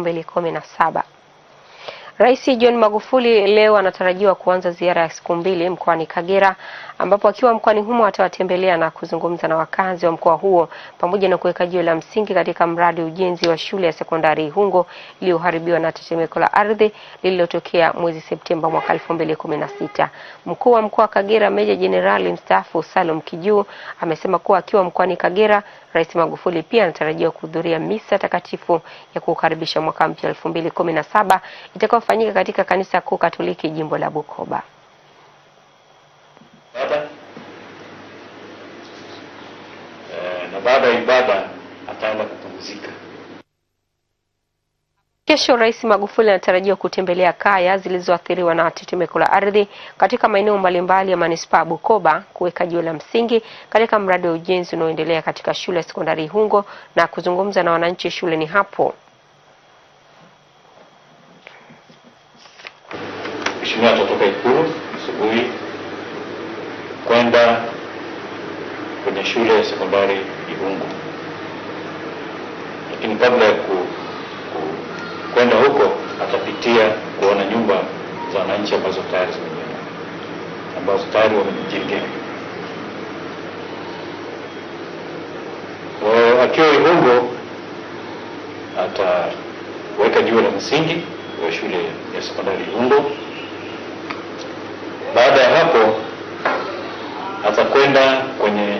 mbili kumi na saba Rais John Magufuli leo anatarajiwa kuanza ziara ya siku mbili mkoani Kagera ambapo akiwa mkoani humo atawatembelea na kuzungumza na wakazi wa mkoa huo pamoja na kuweka jiwe la msingi katika mradi ujenzi wa shule ya sekondari Ihungo iliyoharibiwa na tetemeko la ardhi lililotokea mwezi Septemba mwaka 2016. Mkuu wa mkoa wa Kagera Meja Jenerali mstaafu Salum Kijuu amesema kuwa akiwa mkoani Kagera, Rais Magufuli pia anatarajiwa kuhudhuria misa takatifu ya kukaribisha mwaka mpya 2017 itakayo unaofanyika katika kanisa kuu Katoliki jimbo la Bukoba. Baba, eh, na baada ya ibada ataenda kupumzika. Kesho Rais Magufuli anatarajiwa kutembelea kaya zilizoathiriwa na tetemeko la ardhi katika maeneo mbalimbali ya manispaa ya Bukoba kuweka jiwe la msingi katika mradi wa ujenzi unaoendelea katika shule ya sekondari Ihungo na kuzungumza na wananchi shuleni hapo. Mheshimiwa atatoka Ikulu asubuhi kwenda kwenye shule ya sekondari Ihungu, lakini kabla ya ku, ku, kwenda huko atapitia kuona nyumba za wananchi ambazo tayari zimejenga ambazo tayari wamejijengea. Akiwa Ihungu ataweka jua la msingi wa shule ya sekondari Ihungu. Sasa kwenda kwenye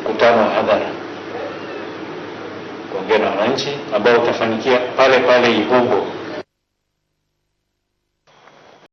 mkutano wa hadhara kuongea na wananchi ambao utafanikia pale pale Igungo.